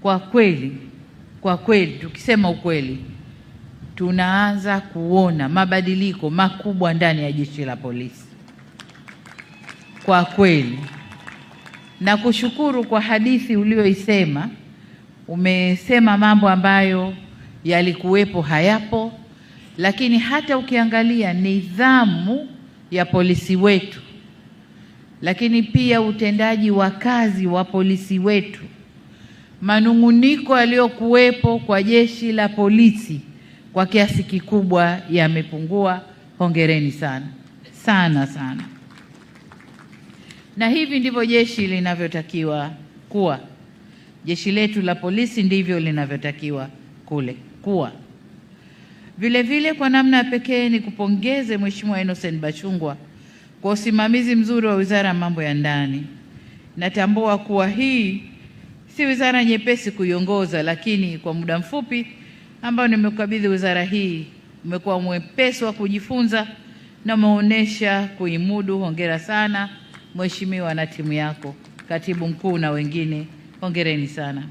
Kwa kweli, kwa kweli, tukisema ukweli, tunaanza kuona mabadiliko makubwa ndani ya jeshi la polisi kwa kweli. Na kushukuru kwa hadithi uliyoisema, umesema mambo ambayo yalikuwepo hayapo, lakini hata ukiangalia nidhamu ya polisi wetu, lakini pia utendaji wa kazi wa polisi wetu manung'uniko yaliyokuwepo kwa jeshi la polisi kwa kiasi kikubwa yamepungua. Hongereni sana sana sana. Na hivi ndivyo jeshi linavyotakiwa kuwa. Jeshi letu la polisi ndivyo linavyotakiwa kule kuwa. Vile vile kwa namna ya pekee ni kupongeze Mheshimiwa Innocent Bachungwa kwa usimamizi mzuri wa Wizara ya Mambo ya Ndani. Natambua kuwa hii si wizara nyepesi kuiongoza, lakini kwa muda mfupi ambayo nimekabidhi wizara hii umekuwa mwepesi wa kujifunza na umeonyesha kuimudu. Hongera sana mheshimiwa na timu yako, katibu mkuu na wengine, hongereni sana.